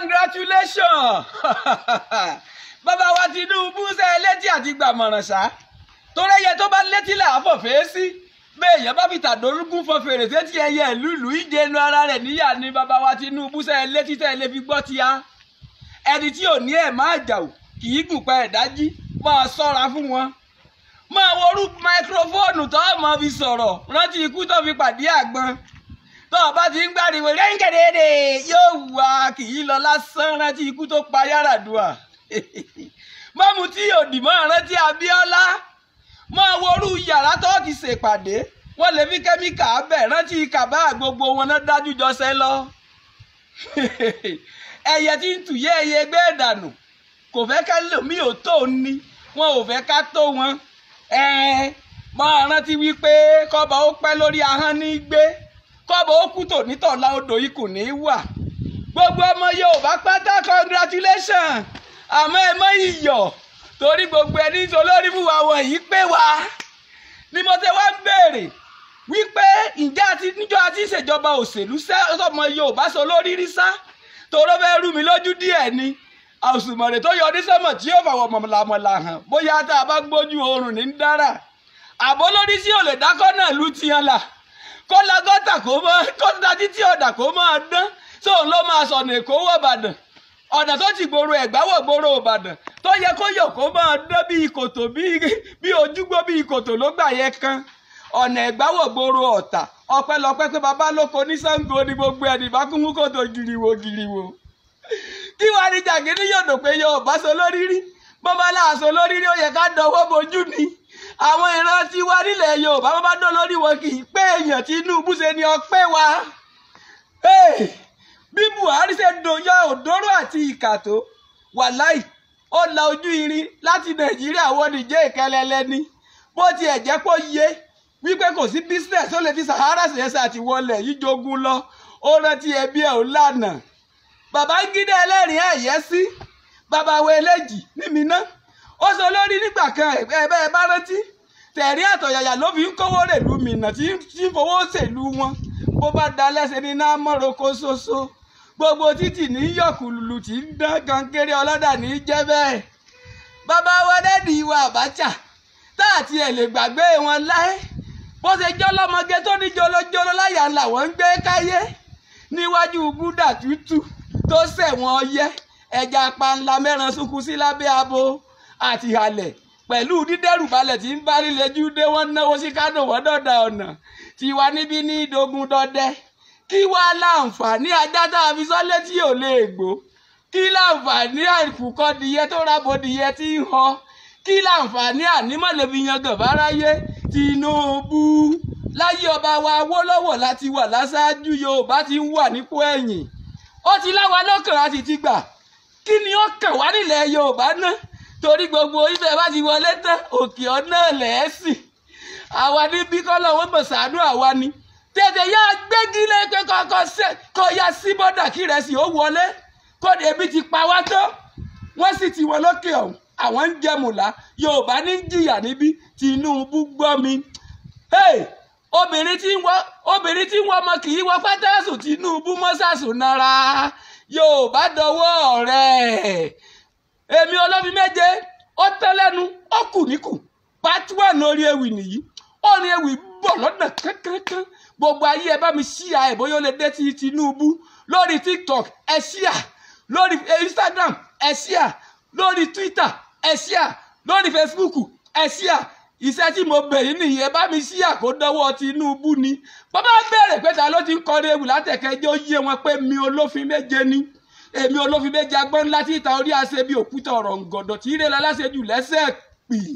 congratulations bàbá wa Tinubu ṣe létí àti gbàmọ̀ràn ṣá torí ẹyẹ tó bá létí là á fọ̀ fèé sí bẹ́ẹ̀ èèyàn bá fi tàdólógún fọ fèrèsé tí ẹyẹ ìlú ìlú ìjẹnu ara rẹ̀ níyà ni bàbá wa Tinubu ṣe létí tẹ́ ẹ lè fi gbọ́ ti a ẹni tí ò ní ẹ̀ máa jà ò kì í gùn pa ẹ̀dájí máa sọ́ra fún wọn máa worú máikrófóònù tó máa fi sọ̀rọ̀ rántí ikú tó fi pàdé àgbọn tó o bá ti ń gbàdìwò rẹ́ńgẹ̀dẹ̀dẹ̀ yóò wà kì í lọ lásán rántí ikú tó pa Yar'Adua mọ́mu tí òdì mọ́ rántí Abíọ́lá mọ́ worú yàrá tó ti ṣèpàdé wọ́n lè fi kẹ́míkà bẹ̀ rántí kàbá gbogbo wọn náà dájú jọṣẹ́ lọ ẹyẹ tí ń tùyẹ́ ẹyẹ ẹgbẹ́ ìdànù kò fẹ́ ká lómi ò tó ní wọn ò fẹ́ ká tó wọn máa rántí wípé kọ́ba ó pẹ́ lórí ahọ́n ní gbé kọ́bọ̀ ókú tò nítọ̀la odò ikùn ní í wà gbogbo ọmọ Yorùbá pátá congratulation àmọ́ ẹ mọ́ iyọ̀ torí gbogbo ẹni tó lórí fún wa wọ̀nyí pé wa ni mo ti wá ń béèrè wípé ǹjẹ́ àti níjọ́ àti ìṣèjọba òṣèlú sọ́mọ Yorùbá sọ lórí rí sá tòró fẹ́ rú mi lójú díẹ̀ ni àsùmọ̀rẹ̀ tó yọ ní sọ́mọ̀ tí yóò fàwọ̀ mọ̀làmọ̀là hàn bóyá tá a bá gbójú oorun ní dára àbólórí sí ò lè dákọ́ náà lù tiẹ̀ là. kó gọta kò mọ́ kó da títí ọ̀dà kò máa dán sóun ló máa sọ̀nà èkó wọ̀ bàdàn ọ̀nà tó ti gbòòrò ẹ̀gbá wọ̀ gbòòrò ìbàdàn tó yẹ kó yọ̀ kó máa dán bí ìkòtò bí ojúgbó bí ìkòtò ló yẹ kán ọ̀nà ẹ̀gbá gbòòrò ọ̀tà pé lóko ní àwọn ìran tiwa nílẹ̀ Yorùbá bá bá dán lórí wọn kì í pé èèyàn Tinubu ṣe ni ọpẹ́ wa bí Buhari ṣe dòyọ òdòrò àti ìkàtó wàláì ó la ojú irin láti Nàìjíríà wọ nìjẹ́ ìkẹlẹ́lẹ́ ni bó tiẹ̀ jẹ́ kó yé wípé kò sí business ó lè fi Sahara ṣẹ̀ṣẹ̀ àti wọlé yìí jogun lọ ó rántí ẹbí ẹ̀ ó lànà Babangida ẹlẹ́rìn ẹ̀yẹ́ sí bàbá wo eléjì ní mi ná ó sọ lórí nígbà kan ẹ̀ bẹ́ẹ̀ bá rántí tẹ̀rí àtọ̀yàyà ló fi ń kówó rèlú mìíràn tí ń fowó ṣèlú wọn bó bá da lẹ́sẹ̀ ní náà mọ́roko ṣoṣo gbogbo títì ní yọkùlù tí ń dán kankéré ọlọ́dà ní jẹ́ bẹ́ẹ̀ bàbá wa dẹ́ẹ̀dì ìwà Abacha tá àti ẹ̀ lè gbàgbé wọn láé bó ṣe jọlọmọge tó ní jolójoló láyà ńlá wọn ń gbé káyé níwájú búdà tútù tó ṣẹ̀wọ̀n ọyẹ́ ẹja panla mẹ́ran sunkún sí lábẹ́ abo àti halẹ̀ pẹ̀lú dídẹ́rùbalẹ̀ tí ń bá líle júdé wọ́n náwó sí kánò wọ́n dọ̀dà ọ̀nà tiwa níbí ní dogun dọdẹ kí wá láǹfààní ajá tá a fi sọ́lé tí ò lè gbó kí láǹfààní àìkùkọ dìyẹ tó rábo dìyẹ tí ń họ kí láǹfààní ànímọ̀lẹ́bí yangàn báráyé Tinubu láyé ọba wa Awólọ́wọ̀ láti wà láṣáájú Yorùbá ti ń wà nípò ẹ̀yìn ó ti láwa lọ́kàn a sì ti gbà kí ni ó kàn wá nílẹ̀ Yorùbá náà torí gbogbo ibẹ̀ bá ti wọlé tán òkè ọ̀nà lẹ́ẹ̀sì àwa níbí kọ́lọ̀ wọ́n mọ̀ sàánú àwa ni tètè yá gbégi lé pé kọ́kọ́ sẹ́ kọ́ ya sí bọ́dà kí rẹ̀ sì ó wọlé kó ebi ti pa wá tó wọ́n sì ti wọ́n lókè ọ̀hún àwọn ń jẹ mùlá Yorùbá ní jìyà níbí Tinubu gbọ́ mi obìnrin tí ń wọ obìnrin tí ń wọ ọmọ kì í wọ pátásù Tinubu mọ́sàsù nara Yorùbá dọwọ́ rẹ̀ èmi olómi méje ó tán lẹ́nu ó kù níkù pàtí wà ní orí ewì nìyí orí ewì bọ̀ lọ́nà kankankan gbogbo ayé ẹ bá mi ṣíà ẹ bóyá ó lè dé ti Tinubu lórí TikTok ẹ ṣíà lórí Instagram ẹ ṣíà lórí Twitter ẹ ṣíà lórí Facebook ẹ ṣíà iṣẹ́ tí mo bẹ̀rẹ̀ nìyẹn bá mi sí àkódọ́wọ́ Tinubu ni bàbá bẹ̀rẹ̀ pé ta ló ti ń kọrin ewì látẹ̀kẹ́jọ́ yé wọn pé mi olófin méje ni èmi olófin méjì agbọ́n ńlá tí ìta orí àṣẹ bí òkúta ọ̀rọ̀ ǹgọ̀dọ̀ tí ìrẹ̀lẹ̀ aláṣẹ jù lẹ́sẹ̀ pì í.